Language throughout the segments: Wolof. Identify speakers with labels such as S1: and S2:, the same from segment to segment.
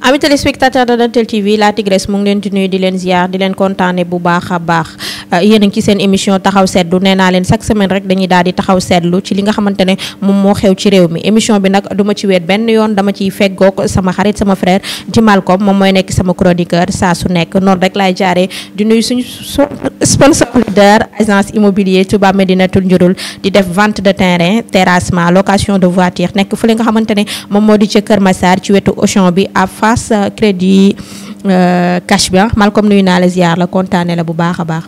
S1: amis téléspectateurs de Dentale TV la Tigresse mu ngi leen di nuyu di leen ziar di leen kontaane bu Euh, yéen a ci seen émission taxaw seetlu nee naa leen chaque semaine rek dañuy daal di taxaw seetlu ci li nga xamante ne moom moo xew ci réew mi émission bi nag du ma ci weet benn yoon dama ciy feggoog sama xarit sama frère di Malcom moom mooy nekk sama chroniqueur saa su nekk noonu rek laay jaaree di nuyu suñu sponsor leader agence immobilier Touba Medinatul Njurul di def vente de terrain terrassement location de voiture nekk fële nga xamante ne moom moo di ca Kër Massar ci wetu Auchan bi à face euh, crédit Kashba euh, ah. Malcom nuyu naa la ziar la kontaane la bu baax a baax.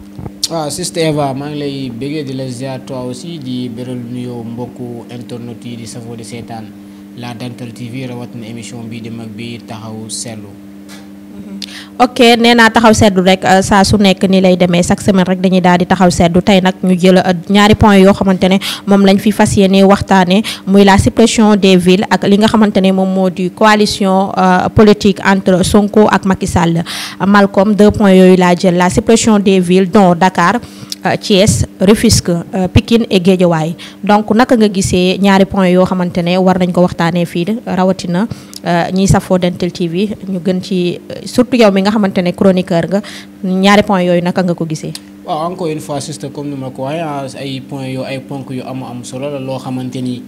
S2: waaw Siste maa ngi lay bëggee di la ziar toi aussi di beral nuyoo mbokku internet yi di safoo di seetaan la Dentale TV rawatina émission bii di mag bi taxaw seetlu.
S1: ok nee naa taxaw seddu rek euh, saa su nekk ni lay demee chaque semaine rek dañuy daal di taxaw seddu tey nag ñu jël euh, ñaari point yoo xamante ne moom lañ fi fas yéene waxtaane muy la suppression des villes ak li nga xamante ne moom moo di coalition euh, politique entre Sonko ak Macky Sall Malcolm deux points yooyu la jël la suppression des villes dont Dakar Thiès Rufisque Pikine et donc naka nga gisee ñaari point yoo xamante ne war nañ ko waxtaanee fii rawatina Euh, ñi safo Dental TV ñu gën ci surtout yow mi nga xamantene chroniqueur nga ñaari point yooyu naka nga ko gisee.
S2: waaw encore une fois juste comme ni ma ko waxee ah, ay point yu ay ponk yu am am solo la loo xamante ni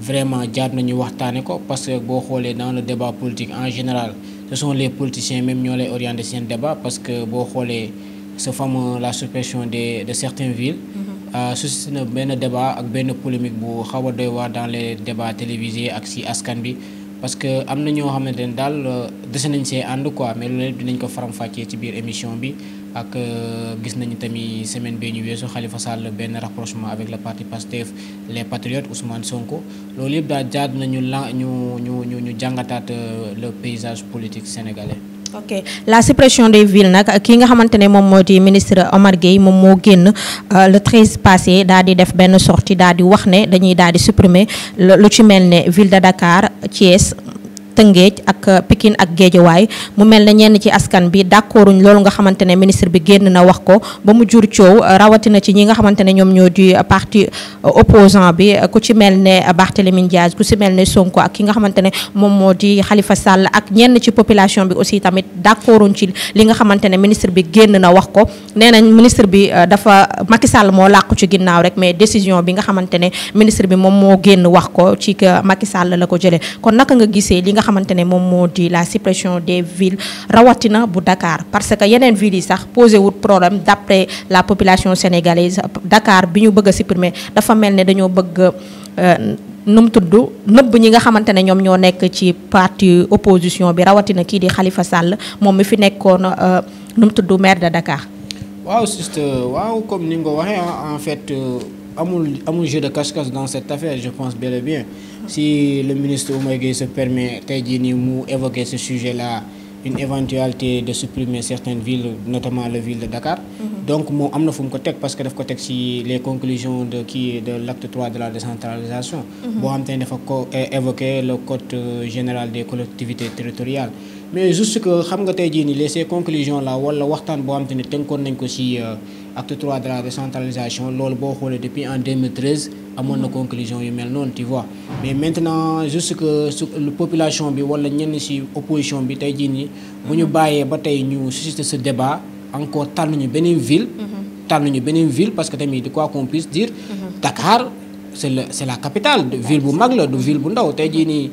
S2: vraiment jaar nañu waxtaanee ko parce que boo xoolee dans le débat politique en général ce sont les politiciens même ñoo lay orienté seen débat parce que boo xoolee ce fameux la suppression des de certaines villes. Mm-hmm. Ah, suscité na benn débat ak benn polémique bu xaw a doy waar dans les débats télévisés ak si askan bi parce que am na ñoo xamante ne daal euh, dese nañ see ànd quoi mais loolu dinañ ko faram-fàccee ci biir émission bi ak euh, gis nañu tamit semaine bee ñu weesu Khalifa Sall benn rapprochement avec la partie Pastef les Patriotes Ousmane Sonko loolu yëpp daal jaad nañu la ñu ñu ñu ñu jàngataat euh, le paysage politique sénégalais ok
S1: la suppression des villes nak ki nga xamantene mom moom ministre Omar Gueye mom mo guen euh, le 13 passé dadi di def ben sortie dadi di wax ne dañuy daal di supprimer lu ci melne ville de Dakar Thiès. Tëngéej ak euh, Pikine ak Géejawaay mu mel na ñenn ci askan bi d'accorduñ loolu nga xamante ne ministre bi génn na wax ko ba mu jur coow euh, rawatina ci ñi nga xamante ne ñoom ñoo di euh, parti opposant bi ku ci mel ne Barthélémy Diaz ku ci mel ne Sonko ak ki nga xamante ne moom moo di Khalifa Sall ak ñenn ci population bi aussi tamit d'accorduñ ci li nga xamante ne ministre bi génn na wax ko ministre bi dafa Macky Sall moo làqu ci ginnaaw rek mais décision bi nga xamante ne ministre bi moom moo génn wax ko ci Macky Sall la ko jëlee kon naka nga gisee li nga xamantene mom modi la suppression des villes rawatina bu Dakar parce que yenen villes sax posé wut problème d'après la population sénégalaise Dakar biñu bëgg supprimer dafa mel dañu bëgg euh, num mu tudd nëbb ñi nga xamantene ñom ño nek ci parti opposition bi rawatina ki di Khalifa Sall mom mi fi nekkone euh, num mu tudd maire de Dakar.
S2: waaw juste euh, waaw comme ni nga waxe en fait amul amul jeu de cache-cache dans cette affaire je pense bien et bien. Si le ministre Oumagé se permet, d'évoquer évoquer ce sujet-là, une éventualité de supprimer certaines villes, notamment la ville de Dakar. Mhm. Donc, nous avons parce que les conclusions de, de l'acte 3 de la décentralisation. Nous avons évoquer le Code euh, général des collectivités territoriales. mais juste que les ces conclusions là que acte 3 de la décentralisation depuis en 2013 amoon na conclusion yu mel non tu vois mais maintenant juste que le population bi wala ñen ci opposition bi tey jii nii bu ñu bàyyee ba tay ñu susciter ce débat encore tànn ñu benen ville mm-hmm. tànn ñu benen ville parce que tamit de quoi qu'on puisse dire mm-hmm. Dakar c'est c'est la capitale de ville bu mag la du ville bu ndaw tey jii nii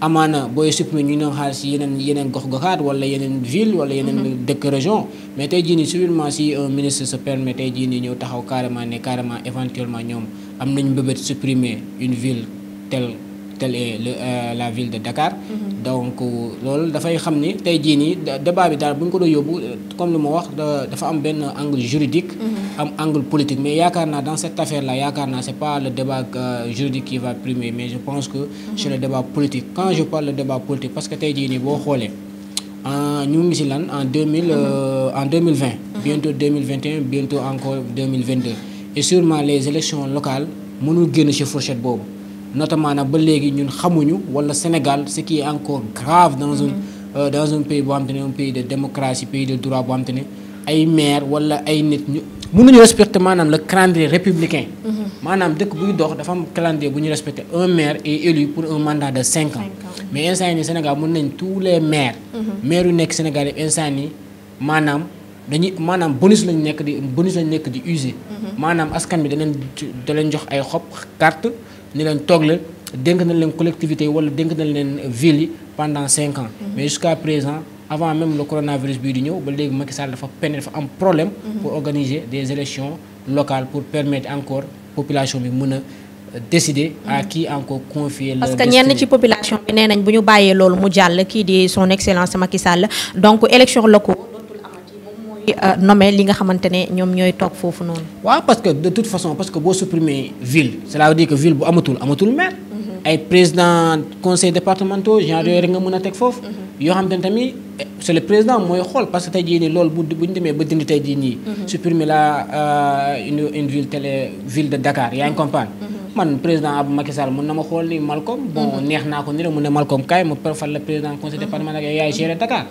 S2: amaana booy supprimer ñu ne xaar si yenen yeneen gox goxat wala yenen ville wala yenen mm-hmm. dëkk région mais tey jii nii subitement si un ministre se permet tey jii nii ñëw taxaw carrément carrément éventuellement ñom am nañ mbëbët supprimer une ville telle telle est le euh, la ville de Dakar. Mm-hmm. donc euh, loolu dafay xam ni tey jii débat bi daal bu ñu ko doon yóbbu euh, comme lu ma wax dafa am benn angle juridique. Mm-hmm. am angle politique mais yaakaar dans cette affaire là yaakaar naa c'est pas le débat juridique qui va primer mais je pense que. Mm-hmm. c'est le débat politique quand je parle de débat politique parce que tey jii nii boo xoolee. ñu ngi si en 2020 en 2020 bientôt 2021, bientôt encore 2022 et sûrement les élections locales mënul génn ci fourchette boobu notamment nag ba léegi ñun xamuñu wala Sénégal ce qui est encore grave dans un mm-hmm. euh, dans un pays boo xam te ne un pays de démocratie pays de droit boo xam te ne ay maire wala ay nit ñu mënuñu respecter maanaam le calendrier républicain mm-hmm. maanaam dëkk buy dox dafa am calendrier bu ñu un maire est élu pour un mandat de cinq ans mais instant Sénégal mën nañ tous les maires mm-hmm. maires yu nekk Sénégal yi instant yi maanaam dañuy maanaam bonus lañ nek di bonus lañ nek di usé. Mhm. manam askan bi danañ da leen jox ay xop carte ni leen togle la nañ leen collectivité wala dénk nañ leen ville pendant cinq ans. Mhm. mais jusqu'à présent avant même le coronavirus bi di ñëw ba léegi Macky Sall dafa peine dafa am problème. Mhm. pour organiser des élections locales pour permettre encore population bi mëna euh, décider à qui encore confier parce que ñen ci
S1: population bi nenañ buñu bayé ñu mu jall ki di son excellence Macky Sall donc élection locale euh, nommer li nga xamantene ñom ñoy tok fofu non
S2: wa parce que de toute façon parce que boo supprimer ville cela veut dire que ville bu amatul amatul maire. Mhm. ay président conseil départemental genre yooyu rek nga mën a teg foofu. Mhm. yoo c'est le président moy xol parce que tay jii nii loolu bu buñ démé ba dindi tay jii nii. Mhm. supprimer la euh, une une ville télé ville de Dakar ya ngi comprendre. man président Abou Macky Sall mën na ma xool ni Malcom. bon neex naa ko ni la mu ne Malcom kay mu préfère le président conseil départemental yaay gérer Dakar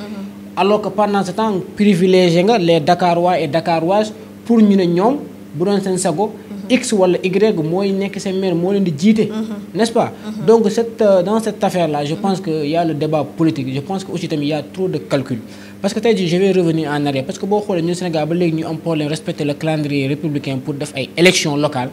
S2: alors que pendant ce temps privilégié les Dakarois et Dakaroises pour ñu né ñoom bu doon sen sago. Mhm. x wala y moy nekk seen maire mo len di jité mhm. n'est-ce pas. Mhm. donc cette euh, dans cette affaire là je pense que y a le débat politique je pense que aussi il y a trop de calcul. parce que tey je vais revenir en arrière parce que nous, xolé ñu Sénégal ba légui ñu am problème respecter le calendrier républicain pour def ay élections locales.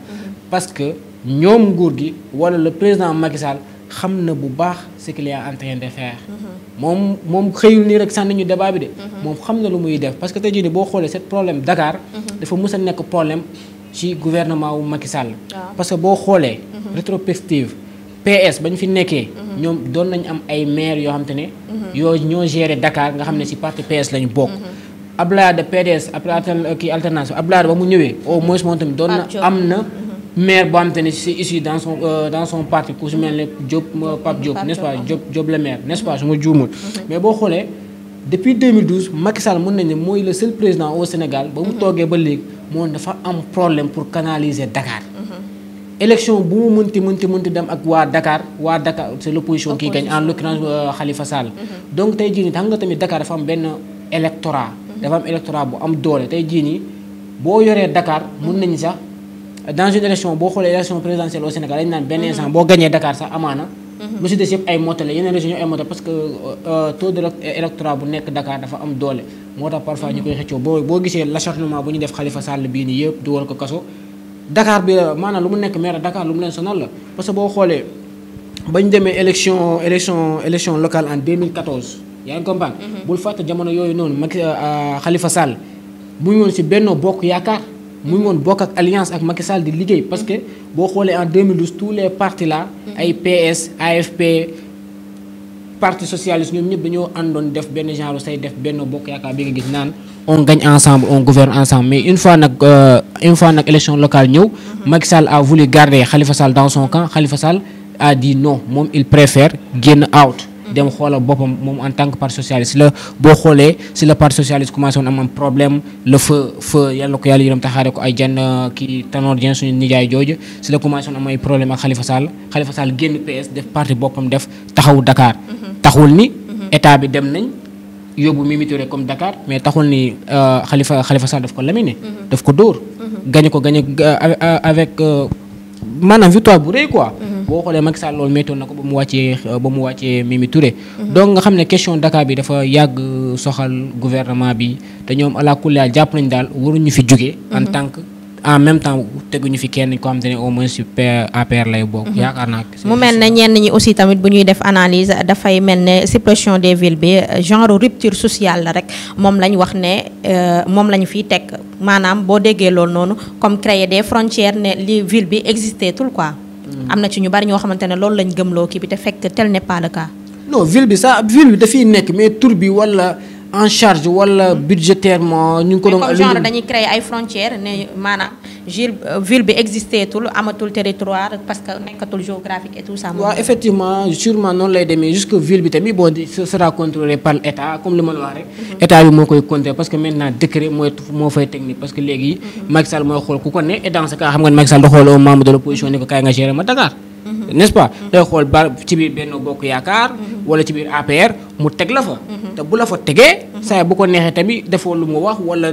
S2: parce que ñom nguur gi wala le président Macky Sall xam na bu baax ce qu'il est en train de faire. Mhm. moom moom xëyul ni rek sànni ñu débat bi de. Mhm. moom xam na lu muy def parce que tey jii nii boo xoolee cette problème Dakar. Mhm. dafa mës a nekk problème ci gouvernement wu Macky Sall. Ah. parce que boo xoolee. rétrospective PS ba fi nekkee. ñoom doon nañ am ay maire yoo xam te ne. yoo ñoo gérer Dakar nga xam ne ci parti PS lañu bokk. Abdoulaye de PDS après euh, kii alternance Abdoulaye ba mu ñëwee au moins moom tamit doon na am na maire bon xamante c'est issu dans son euh, dans son parti que si le job Diop euh, Pape job n'est-ce pas job ah. job le maire n'est-ce pas je me juumul mhm. mais bon xoolee depuis 2012 Macky Sall mon nañ moi le seul président au Sénégal ba mu mhm. toogee ba léegi moo dafa am problème pour canaliser Dakar
S1: mhm.
S2: élection bu monte monte monte dem Dakar wa Dakar c'est l'opposition qui gagne en l'occurrence euh, Khalifa Sall donc t'as dit nii xam nga tamit Dakar dafa am benn électorat dafa am électorat bu am doole tey jii nii boo Dakar mon nañ ça dans une élection boo xoolee élection présidentielle au Sénégal dañu naan benn instant boo gagné Dakar ça amana monsieur mhm. si des ay moto la yeneen régions ay moto parce que euh, euh, taux de électorat bu nek Dakar dafa am doole. motax parfois ñu koy bo bo gisé l'acharnement bu ñu def Khalifa Sall bi ni yépp du dugal ko kasso Dakar bi maanaam lu mu nekk maire Dakar lu mu leen sonal la parce que bo xolé bañ démé élection élection élection locale en 2014 yaa ngi comprendre. Mhm. bul fàtte jamono yooyu noonu euh, Khalifa Sall bu ngi woon si Benno Bokk Yaakaar. Nous avons une alliance avec Macky Sall parce que en 2012 tous les partis là. IPS mm-hmm. AFP parti socialiste nous avons ont on gagne ensemble on gouverne ensemble mais une fois euh, une fois une élection locale nous mm-hmm. Macky a voulu garder Khalifa Sall dans son camp Khalifa Sall a dit non il préfère gain out. dem xoola boppam moom en tant que parti socialiste la boo xoolee si la parti socialiste commencé woon am am problème la fa fa yàlla ko yàlla yërëm taxaare ko ay jan kii Tanor Dieng suñu nijaay jooju si la commencé woon am ay problème ak Khalifa Sall Khalifa Sall génn PS def parti boppam def taxawu dakaar mm-hmm. taxul ni mm-hmm. état bi dem nañ yóbbu Mimi Touré comme Dakar mais taxul ni xalifa euh, Khalifa Sall daf ko laminé mm-hmm. daf ko dóor gañu ko gañe euh, avec euh, maanaam victoire bu rëy quoi boo xoolee Macky Sall loolu méttoon na ko ba mu wàccee Mimi Touré. donc nga xam ne question Dakar bi dafa yàgg soxal gouvernement bi te ñoom ala kulli jàpp dal daal waruñu fi jóge en mhm. tant que en même temps teguñu fi kenn ko xam te au moins super APR lay bokk. Mhm. yaakaar naa
S1: mu mel ne ñenn ñi aussi tamit bu ñuy def analyse dafay mel ne suppression des villes bi genre rupture sociale la rek moom lañ wax ne euh, moom la ñu fiy teg maanaam boo déggee loolu comme créer des frontières ne li ville bi existé tout quoi. am na ci ñu bari ñoo xamante ne loolu lañ gëmloo kii bi te fekk tel n'est pas
S2: ville bi sa ville bi dafiy nekk mais tur bi walla en charge walla budgétairement ñu ngi ko doon. dañuy
S1: créer ay frontières ne maanaam. ville euh, ville existait tout le territoire parce que nekatul géographique et tout ça. Oui,
S2: effectivement sûrement non les demi jusque ville bi tamit bon ce sera contrôlé par l'État, comme le ma mhm. état bi koy parce que maintenant décret tout mon fait technique parce que les mhm. Macky Sall mooy qu'on ku et dans ce cas xam nga ne Macky Sall au membre de l'opposition opposition ne ko gérer ma Dakar. Mhm. n'est-ce pas day xool ba ci biir benn bokk yaakaar wala ci biir APR mu teg la fa te bu la fa tegee saa bu ko neexee tamit defoo lu mu wax wala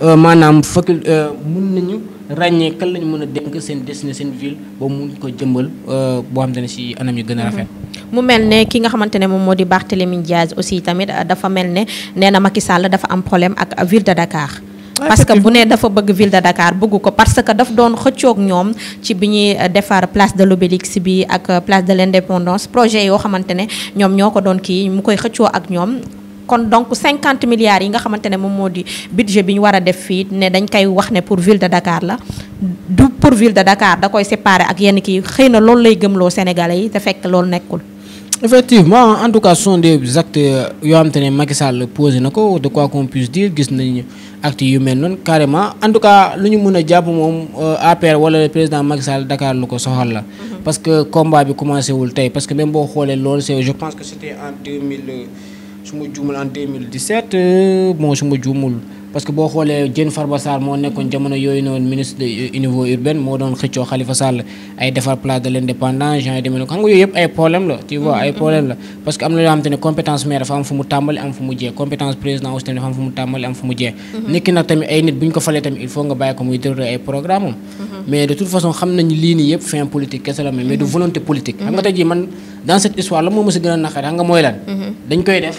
S2: Euh, maanaam faculté euh, mun nañu ràññee kan lañu mën a dénk seen des destiné seen ville ba mun ko jëmbal euh, boo xam te ne si anam yu gën a rafet.
S1: Mm-hmm. mu mel ne ki nga xamante ne moom moo di Barthélémy Diaz aussi tamit dafa mel ne nee na Macky Sall dafa am problème ak ville de Dakar. parce que bu ne dafa bëgg ville de Dakar bëgg ko parce que daf doon xëccook ñoom ci bi ñuy defar place de l'Obélisque bi ak place de l'Indépendance projet yoo xamante ne ñoom ñoo ko doon kii mu koy xëccoo ak ñoom. donc 50 milliards yi nga xamantene mom moom budget biñu wara def fi ne dañ kay wax ne pour ville de Dakar la du pour ville de Dakar da koy séparer ak yenn ki xeyna lool lay gëm lo Sénégalais yi te fekk
S2: effectivement en tout cas ce sont des actes euh, yo xamantene Macky Sall de quoi qu'on puisse dire gis nañu actes yu mel non carrément en tout cas lu ñu mën a euh, APR wala président Macky Sall Dakar lu soxal la. Mhm. parce que combat bi commencé wul tay parce que même si xolé lool c'est je pense que c'était en 2000 su jumul en 2017 bon suma jumul parce que bo xolé Diène Farba Sarr mo nekkon jamono yooyu noonu ministre de euh, niveau urbain mo don xëccoo Khalifa Sall ay defar place de l'indépendance indépendance gens yi demee xam ay problème la tu vois ay mm-hmm. problème la parce que am na am tane compétence maire fa am fu mu tàmbali am fu mu jee compétence président aussi tamit dafa am fu mu tàmbali am fu mu jee mm-hmm. nekki nag tamit ay nit buñ ko falé tamit il faut nga bàyyi ko muy déroulé ay programme mm-hmm. mais de toute façon xam nañu lii nii yëpp fin politique kese la mais mais de volonté politique xam nga tey man dans cette histoire la mo mës a gën nga moy lan dañ koy def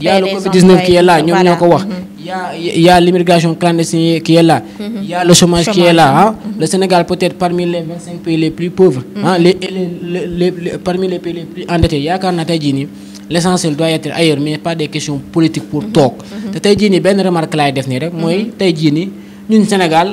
S1: y a Covid-19 qui est là mm-hmm.
S2: y a l'immigration clandestine qui est là mm-hmm. y a le chômage qui est là hein. mm-hmm. le Sénégal peut-être parmi les 25 pays les plus pauvres hein. parmi les pays les plus endettés l'essentiel doit être ailleurs mais pas des questions politiques pour remarque Sénégal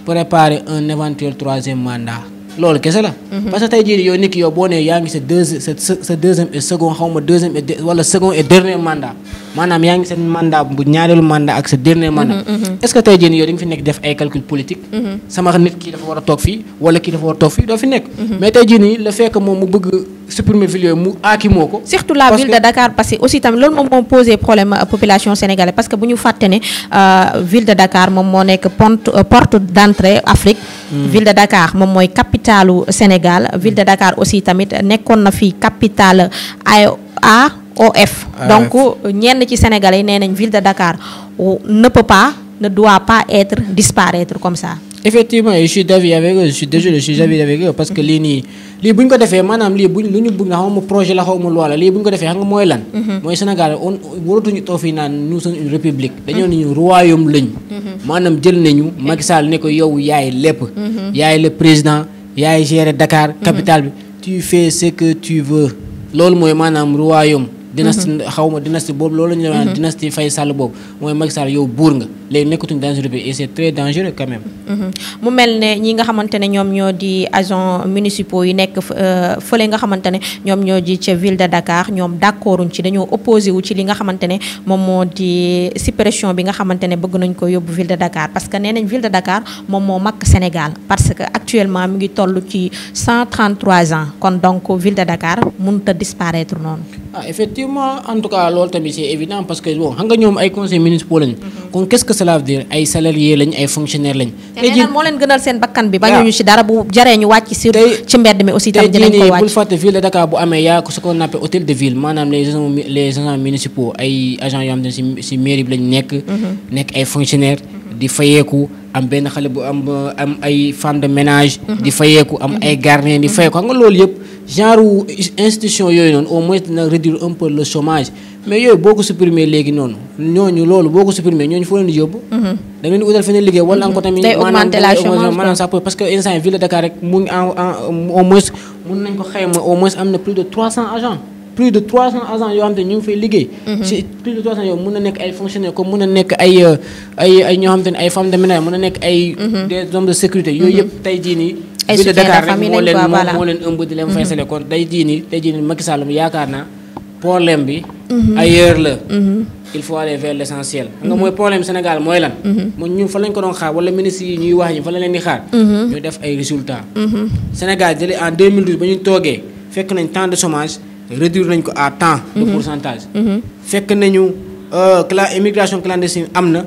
S2: Nous préparer un éventuel troisième mandat loolu kese la. Mhm. parce que tey jii yow nit yow boo nee yaa ngi sa deux sa sa deuxième et second xaw ma deuxième et wala second et dernier mandat. maanaam yaa ngi seen mandat bu ñaareelu mandat ak sa dernier mandat. Mm-hmm, mm-hmm. est-ce que tey jii nii yow di nga fi nekk def ay calcul politique. Mm-hmm. sama nit kii dafa war a toog fii wala kii dafa war a toog fii doo fi nekk. mais tey jii nii le fait que moom mu bëgg supprimer ville yooyu mu aaki moo ko. surtout la ville de
S1: Dakar parce que aussi tam loolu moom moo posé problème population sénégalaise parce que bu ñu fàtte ne euh, ville de Dakar moom moo nekk ponte euh, porte d'entrée Afrique. Mm. ville de Dakar moom mooy du Sénégal ville de Dakar aussi tamit nekkoon na fi capitale ay a OF. Donc, ñenn ci Sénégalais yi nee ville de Dakar ne peut pas, ne doit pas être disparaître comme ça.
S2: effectivement je suis d'avis avec eux je suis déjà je suis mm-hmm. d'avis avec eux parce que lii ni lii bu ñu ko defee maanaam lii buñ lu ñu bëgg na projet la xaw loi la lii bu ñu ko defee xam nga mooy lan mm-hmm. mooy Sénégal on waratuñu toog fii naan nous sommes une république mm-hmm. dañoo nañu royaume lañu maanaam jël nañu Macky Sall ne ko yow yaay lépp yaay le président yaay gérer Dakar capitale bi tu fais ce que tu veux loolu mooy maanaam royaume dynastie mhm. xawma ma bob lolou lañu la ñu naan mhm. dynastie Faye Sall boobu mooy Macky Sall yow bour nga léegi nekkatuñu dangereux et c'est très dangereux quand même.
S1: Mhm. mu melne ñi nga xamante ñom ñoo di agents municipaux yi nekk euh, fële nga xamante ñom ñoo di ci ville de Dakar ñom d'accorduñ ci dañoo opposé wu ci li nga xamante ne mo di suppression bi nga xamante ne bëgg nañ ko yóbbu ville de Dakar parce que nenañ ville de Dakar mom mo mak Sénégal parce que actuellement mi ngi tollu ci 133 ans kon donc ville de Dakar mënut a disparaître non. ah
S2: effectivement en tout cas loolu tamit c'est évident parce que bon xam nga ñoom ay conseils municipaux lañu. Mhm. kon qu'est-ce que cela veut dire ay salariés lañ ay fonctionnaires lañ.
S1: tey jii moo leen gënal seen bakkan bi. bañuñu ci dara bu jaree ñu wàcc ci. mbedd mi aussi tam dinañ ko wàcc tey bul
S2: fàtte ville de Dakar ne ci ci mairie bi lañ nekk. Mhm. nekk ay fonctionnaires. di fayeeku am benn xale bu am am ay femme ménage. Mhm. di fayeeku am ay gardiens di fayeeku xam nga loolu yëpp. genre wu institution yoy non au moins na réduire un peu le chômage mais yoy boko supprimer légui non ñoñu lolu boko ko supprimer ñooñu foo leen yóbbu. Mhm. da leen di utal feneen liggéey wala mhm. encore tamit. day augmenter la chômage maanaam ça peut parce que instant ville de Dakar rek mu ngi en au moins mun nañ ko xeyma au moins amna plus de 300 agents. plus de 300 agents yo xam ñu ngi fay liggéey. ci mhm. plus de 300 yo mën na nek ay fonctionnaire comme mën na nek ay ay ay ñoo xam te ay femmes de ménage mën na nek ay. des hommes de sécurité. yoy yëpp tay ji ni ay soutien de famille lañ quoi mo len eumbe ëmb di leen fay mhm. kon day di ni day jii nii Macky Sall mu yaakaar problème bi.
S1: Mhm. ailleurs la. Mhm.
S2: il faut aller vers l'essentiel essentiel. nga mooy problème Sénégal mooy lan. mo ñu fa lañ ko doon xaar wala ministre ñuy wax ñi fa lañ leen di xaar. ñu def ay résultats. Sénégal jëlee en 2012 ba ñu toogee fekk nañ temps de chômage réduire nañ ko à temps. de pourcentage. fekk nañu euh cla immigration clandestine amna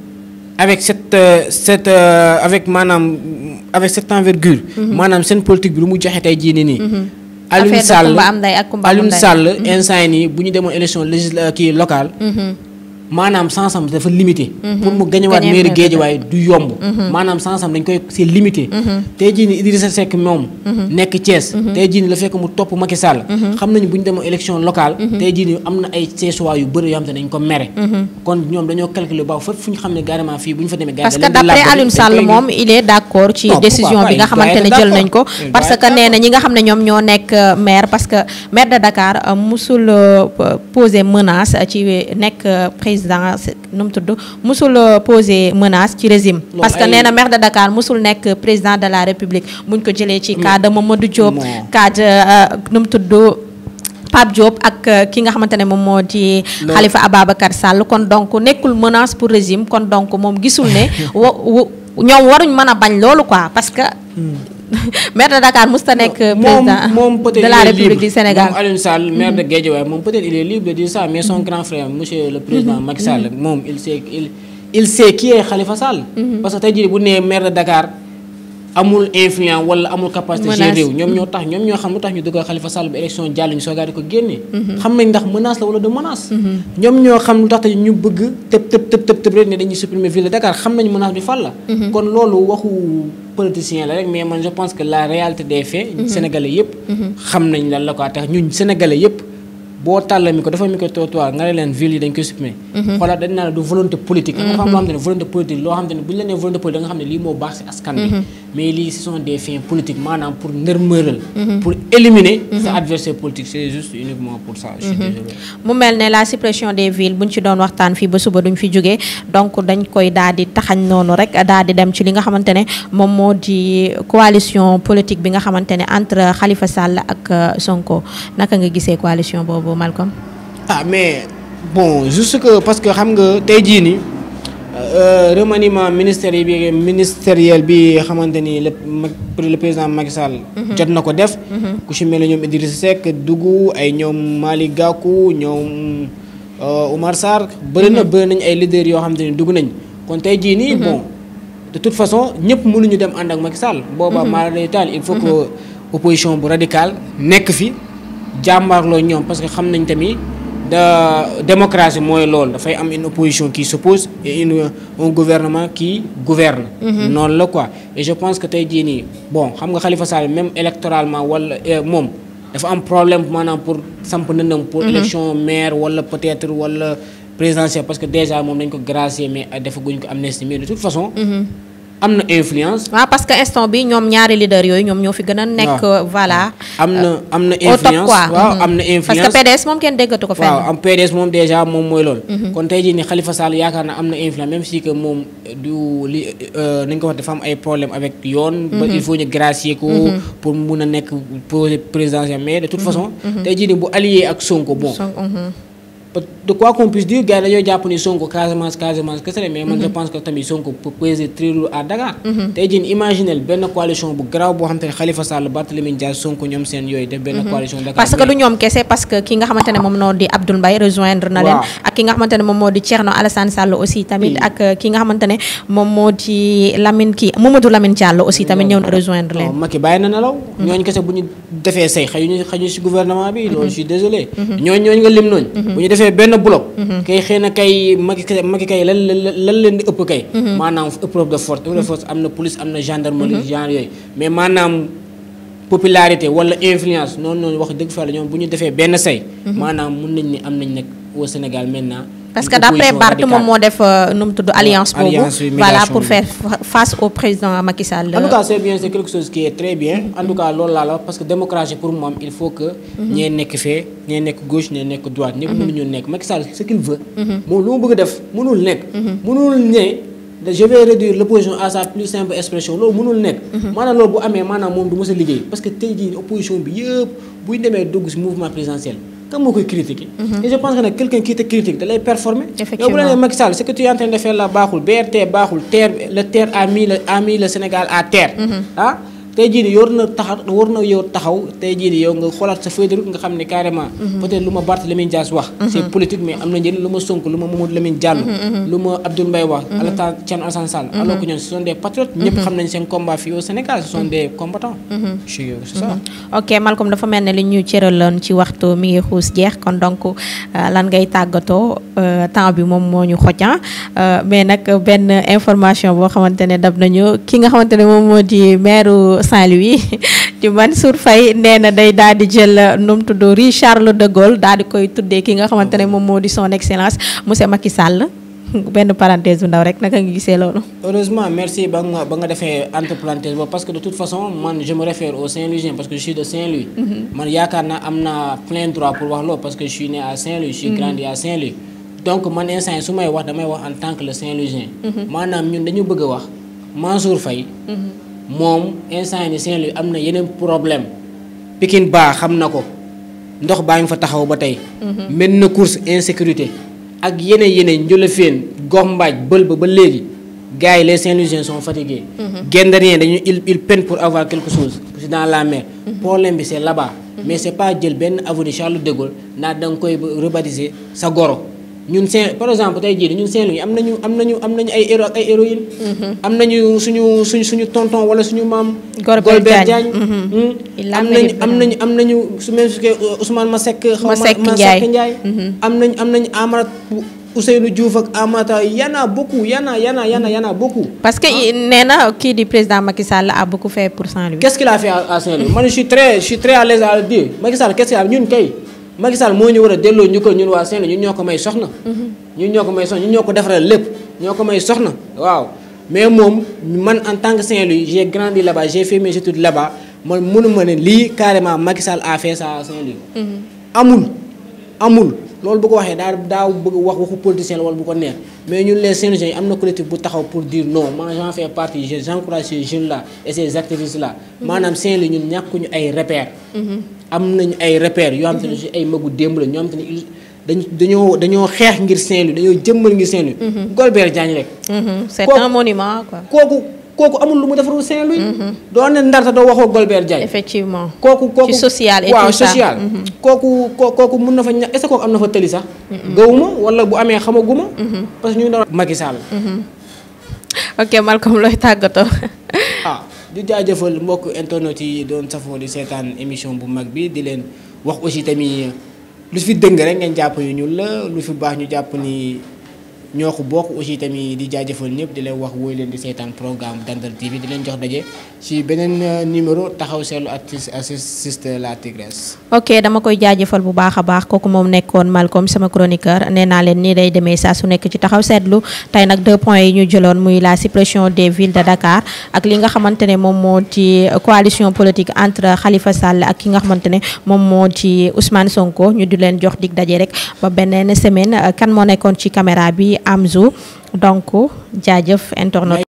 S2: avec cette euh, cette euh, avec madame avec cette envergure. c'est mhm. une politique bi lu mu joxe tay jii ni
S1: mhm. Aliou Sall Aliou Sall
S2: mhm. élection législative locale maanaam sansam dafa limité. Mhm. pour mu wat mairie Guédiawaye du yomb. Mhm. maanaam sansam dañ koy c'est limité. Mhm. tey jii Idrissa Seck mom nek Thiès. tey jii la fekk mu top Macky Sall. xam nañu bu ñu demee élection locale. tey jii nii am na ay Thiessois yu bëri yo xam te dañ ko méré kon ñom dañoo calculer baax fa fuñ xamné xam fi buñ fa démé ñu parce que d'après Alioune Sall mom il est
S1: d'accord ci décision bi nga xamante jël nañ ko. parce que néna ñi nga xamné ñom ño nek euh, maire parce que maire de Dakar euh, musul euh, poser menace ci nek président nous pose une menace qui régime parce que maire de Dakar le président de la république buñ ko le cadre de Diop président de euh, Diop ak euh, ki nga Khalifa Ababakar Sall kon donc le menace pour régime kon donc gisul ne waruñ bañ quoi parce que hmm. maire de Dakar musta président de la République du Sénégal
S2: mm-hmm. maire de Guédiawaye peut-être il est libre de dire ça mais son mm-hmm. grand frère monsieur le président mm-hmm. Macky Sall il sait il sait qui est Khalifa Sall parce que tey jii bu le maire de Dakar amul influent wala amul capacité gérer ñoom ñoo tax ñoom ñoo xam lu tax ñu dugal Khalifa Sall ba élection jàll ñu soogaade ko génne mhm. xam nañ ndax menace la wala du menace mhm. ñoom ñoo xam lu tax te ñu bëgg tëb tëb tëb tëb tëb rek ne dañuy supprimer ville de Dakar xam nañ menace bi fan la mhm. kon loolu waxu politicien la rek mais man je pense que la réalité des faits sénégalais yëpp xam nañ lan la ko tax ñun sénégalais yëpp boo tàllal mi ko dafa mi ko trottoir nga ne leen ville yi dañ koy supprimer mhm. xoolal dañ mhm. da
S1: mhm. koy daal di taxañ noonu rek daal dem ci li nga xamante ne moom moo di coalition politique bi nga xamante ne entre Khalifa Sall ak euh, Sonko naka nga gisee coalition boobu Malcolm.
S2: ah mais bon juste que parce que xam nga ni euh, remaniement ministériel bi ministériel bi le président Macky Sall. Mhm. jot nako def. Mhm. ku ci mel ne Seck ay euh, na mhm. bon. de toute façon n'y a dem Macky Sall. boba il faut que opposition radicale que fi jàmbaarloo ñom parce que xam nañ tamit da démocratie lool da fay am une opposition qui s'oppose et une un gouvernement qui gouverne mhm. non la quoi et je pense que tay jii ni bon xam nga Khalifa Sall même électoralement wala euh, moom dafa am problème manam pour samp nëndam pour mhm. élection maire wala peut-être wala présidentielle parce que déjà mom dañ ko gracier mais defaguñ ko amnistie mais de toute façon mhm am na influence.
S1: Ah, parce que instant bi ñom ñaari leader yoy ñom ñofi gëna nek voilà
S2: am na euh, am na influence waaw am na influence. Mm-hmm. parce que PDS
S1: mom kenn déggatu ko fenn. waaw am
S2: PDS mom déjà mom moy lool. Mm-hmm. kon tay jii ni Khalifa Sall yaakaar na am na influence même si que mom du euh nañ ko wax dafa am ay problème avec yoon. ba mm-hmm. il faut ñu gracier ko. pour mëna nek nekk projet présidentiel mais de toute façon. tay di ni bu allié ak Sonko bon de quoi qu'on puisse dire gars yi dañoo jàpp ni Sonko Casamance que c'est mais je mhm. pense que tamit Sonko peut peser très lourd à Dakar. Mhm. tey jii imaginez ben coalition bu garaaw boo xam Khalifa Sall Barthélémy Dias Sonko ñoom seen yooyu def ben coalition Dakar parce que l'union,
S1: ñoom kese parce que ki nga xamante ne moom noo di rejoindre na à ak ki nga xamante ne moom moo di Alassane Sall aussi tamit ak euh, ki nga xamante ne moom moo di Lamine kii Mamadou Lamine Diallo aussi tamit ñëw rejoindre leen
S2: Macky bàyyi na nelaw ñooñu kese bu ñu say xëyuñu xëyuñu si gouvernement bi loolu je suis désolé ñooñu ñooñu nga lim noonu bu ñu benn bloc. Mhm. kay xëy na kay Macky kay Macky kay lan lan leen di ëpp kay. Mhm. maanaam épreuve de force épreuve de force am na police am na gendarmerie mhm. genre yooyu mais maanaam. popularité wala influence noonu noonu wax dëgg fa la ñoom bu ñu defee benn say. maanaam mun nañ ni am nañ nag. au Sénégal maintenant. parce que d'après Barth mon moo
S1: def euh, nu tudd alliance voilà pour faire face au président Macky Sall. en tout cas c'est
S2: bien c'est quelque chose qui est très bien en tout cas loolu là, la parce que démocratie pour moi, il faut que. Mhm. ñee fait, ni un nekk gauche ñee nekk droite. ñëpp mhm. mënuñu nekk Macky Sall ce qu'il veut. Mhm. Mon lu mu bëgg def mënul nekk. mënul je vais réduire l'opposition à sa plus simple expression loolu mënul nekk. maanaam loolu bu amee maanaam moom du mës a parce que tey jii opposition bi yëpp buy demee dugg mouvement présidentiel. Comment vous critiquez mhm. et je pense que quelqu'un qui te critique il les performer. effectivement yow ce que tu es en train de faire là BRT baaxul terre le terre a mis le a mis le Sénégal à terre. Mhm. Ah? tey jii nii yor na taxaw war na yow taxaw tey jii nii yow nga xoolaat sa feuille de route nga xam ne carrément. Mhm. peut-être lu ma Barthélémy Dias wax. Mhm. c'est politique mais am na njëriñ lu ma Sonko lu ma Mamadou Lamine Diallo. Mhm, lu ma Abdoul Mbaye wax. Alassane Thierno Alassane Sall. alors que ñoom ce sont des patriotes. ñëpp xam nañ seen combat fii au Sénégal ce sont des combattants. je c'est ça.
S1: dafa mel ne li ñu cëraloon ci waxtu mi ngi xuus jeex kon donc euh, lan ngay tàggatoo euh, temps bi moom moo ñu xojan euh, mais Saint-Louis di Mansour Faye nee na day daal di jël euh, num mu Richard Le de Gaulle daal di koy tuddee ki nga xamante mom modi son excellence monsieur Macky Sall benn parenthèse ndaw rek naka nga gisé lolu.
S2: heureusement merci ba nga ba nga parce que de toute façon man je me réfère au Saint-Louisien parce que je suis de Saint-Louis. Mm-hmm. man yaakaar naa am naa plein droit pour wax loolu parce que je suis né à Saint-Louis. je suis mm-hmm. grandi à Saint-Louis. donc man instant yi wax damay wax en tant que le Saint-Louisien. Manam mm-hmm. ñun dañu bëgg wax Mansour Faye mom instant ni Saint-Louis amna na yeneen problème Pikine ba xamna ko ndox baa fa taxaw ba tey. Mhm. mel course insécurité ak yene yene Ndiolofène gox mbaaj bël ba ba léegi gars les Saint-Louisiens sont fatigués. Mhm. Gendarien, dañu il il peine pour avoir quelque chose dans la mer. Mhm. problème bi c'est là-bas. mais c'est pas djel ben avenue Charles de Gaulle naa da koy rebaptiser sa goro par exemple ñun héros ay mhm. suñu suñu tonton wala suñu su même Diouf ak Amata beaucoup mhm. beaucoup. parce que
S1: ah. président Macky a beaucoup fait pour saint
S2: qu'est-ce qu'il a fait à Saint-Louis je suis très je suis très à l'aise à dire qu'est-ce qu'il a ñun Macky Sall moo ñu wara a ñuko ñun wa Saint-Louis ñun ñoko mhm. may soxna. ñun ñoko may soxna ñun ñoko ko lépp ñoko may soxna waaw. mais mom man en tant que Saint-Louis j'ai grandi là-bas j'ai fait mes études là-bas mo mënu mëne li carrément Macky Sall a fait ça à Saint-Louis. Mhm. amul amul loolu bu ko waxee daa bëgg wax waxu politicien bu mais ñun les jeunes yi collectif bu taxaw pour dire non man j'en fais partie j'encourage ces jeunes là et ces activistes là manam mhm. Saint-Louis ñun ñu ay repères mhm. ay repères yo xam te mhm. ay magu Nous la les xam qui ne dañu Nous ngir Saint-Louis ngir saint
S1: c'est un monument kooku amul lu mu defarul Saint-Louis. Mhm.
S2: doo ne Ndar te doo waxoo Golbert Diagne. kooku mhm. kooku mun na fa ña est kooku am na fa tëli sax. Mhm. gawuma wala bu amee xamaguma. parce que ñu ngi doon Macky Sall.
S1: ok Malcolm looy tàggatoo.
S2: ah di jaajëfal mbokk internet yi doon safoo di seetaan émission bu mag bi di leen wax aussi tamit lu fi dëng rek ngeen jàpp yu ñuul la lu fi baax ñu jàpp ni. ñoo ko bokk aussi tamit di jaajëfal ñëpp di leen wax wooy leen di seetaan programme Dentale TV di leen jox daje ci beneen euh, numéro taxaw seetlu artiste la tigresse.
S1: ok dama koy jaajëfal bu baax a baax kooku moom nekkoon Malcom sama chroniqueur nee naa leen ni day demee saa su nekk ci taxaw seetlu tey nag deux points yi ñu jëloon muy la suppression des ville de Dakar ak li nga xamante ne moom moo ci euh, coalition politique entre xalifa Sall ak ki nga xamante ne moom moo ci Ousmane Sonko ñu di leen jox dig daje rek ba euh, ci caméra bi. Amzo donc jaajëf internet